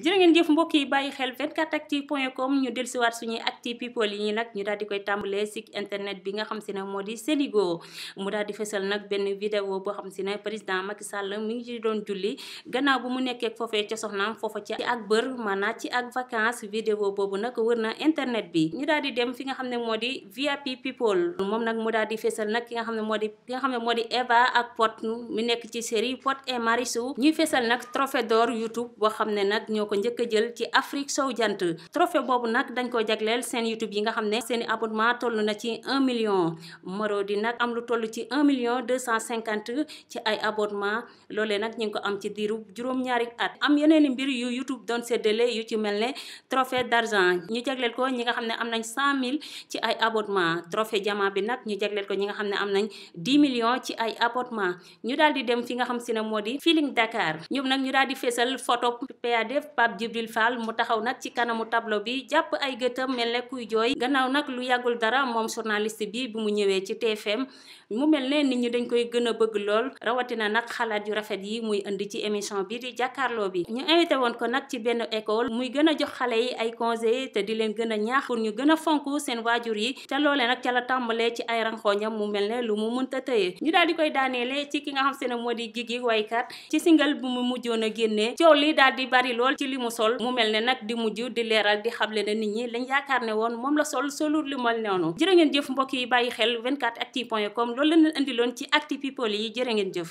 jërë ngeen jëf mbokk yi bàyyi xel 24actu point com ñu dellusiwaat suñuy actu people yi nag ñu daal di koy tàmbalee si internet bi nga xam si ne moo di Sénégal mu daal di fësal nag benn vidéo boo xam si ne président Macky Sall mi ngi ci doon julli gannaaw bu mu nekkee foofee ca soxnaam foofa ci ak bër maanaam ci ak vacances vidéo boobu nag wër na internet bi ñu daal di dem fi nga xam ne moo di VIP people moom nag mu daal di fësal nag ki nga xam ne moo di ki nga xam ne moo di Eva ak Pod mi nekk ci série Pod et Marichou ñuy fësal nag trophée d'or YouTube boo xam ne nag ñoo ko njëkk a jël ci Afrique sow jant trophée boobu nag dañ ko jagleel seen YouTube yi nga xam ne seen i abonnement toll na ci 1 million moro Marodi nag am lu toll ci 1 million 250 ci ay abonnement loolee nag ñu ngi ko am ci diiru juróom-ñaari at am yeneen i mbir yu YouTube doon séddale yu ci mel ne trophée d'argent ñu jagleel ko ñi nga xam ne am nañ 100000 ci ay abonnement trophée diamant bi nag ñu jagleel ko ñi nga xam ne am nañ 10 millions ci ay abonnement ñu daal di dem fi nga xam si ne moo di Feeling Dakar ñoom nag ñu daal feesal photo PADF Pape Djibril Fall mu taxaw nag ci kanamu tableau bi jàpp ay gëtam mel ne kuy jooy gannaaw nag lu yàggul dara moom journaliste bi bu mu ñëwee ci TFM mu mel ne nit ñi dañ koy gën a bëgg lool rawatina nag xalaat yu rafet yi muy indi ci émission bi di jàkkaarloo bi ñu invité woon ko nag ci benn école muy gën a jox xale yi ay conseils te di leen gën a ñaax pour ñu gën a fonk seen waajur yi te loole nag ca la tàmbalee ci ay ranxooñam mu mel ne lu mu mënta tëye ñu daal di koy daaneele ci ne moo di Gigi waykat ci a génnee ci li mu sol mu mel ne nag di mujj di leeral di xamle ne nit ñi lañ yaakaar ne woon moom la sol solul li mel noonu jërë ngeen jëf mbokk yi bàyyi xel 24actu point com loolu la leen indiloon ci actu yi jërë ngeen jëf